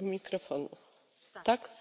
pani przewodnicząca!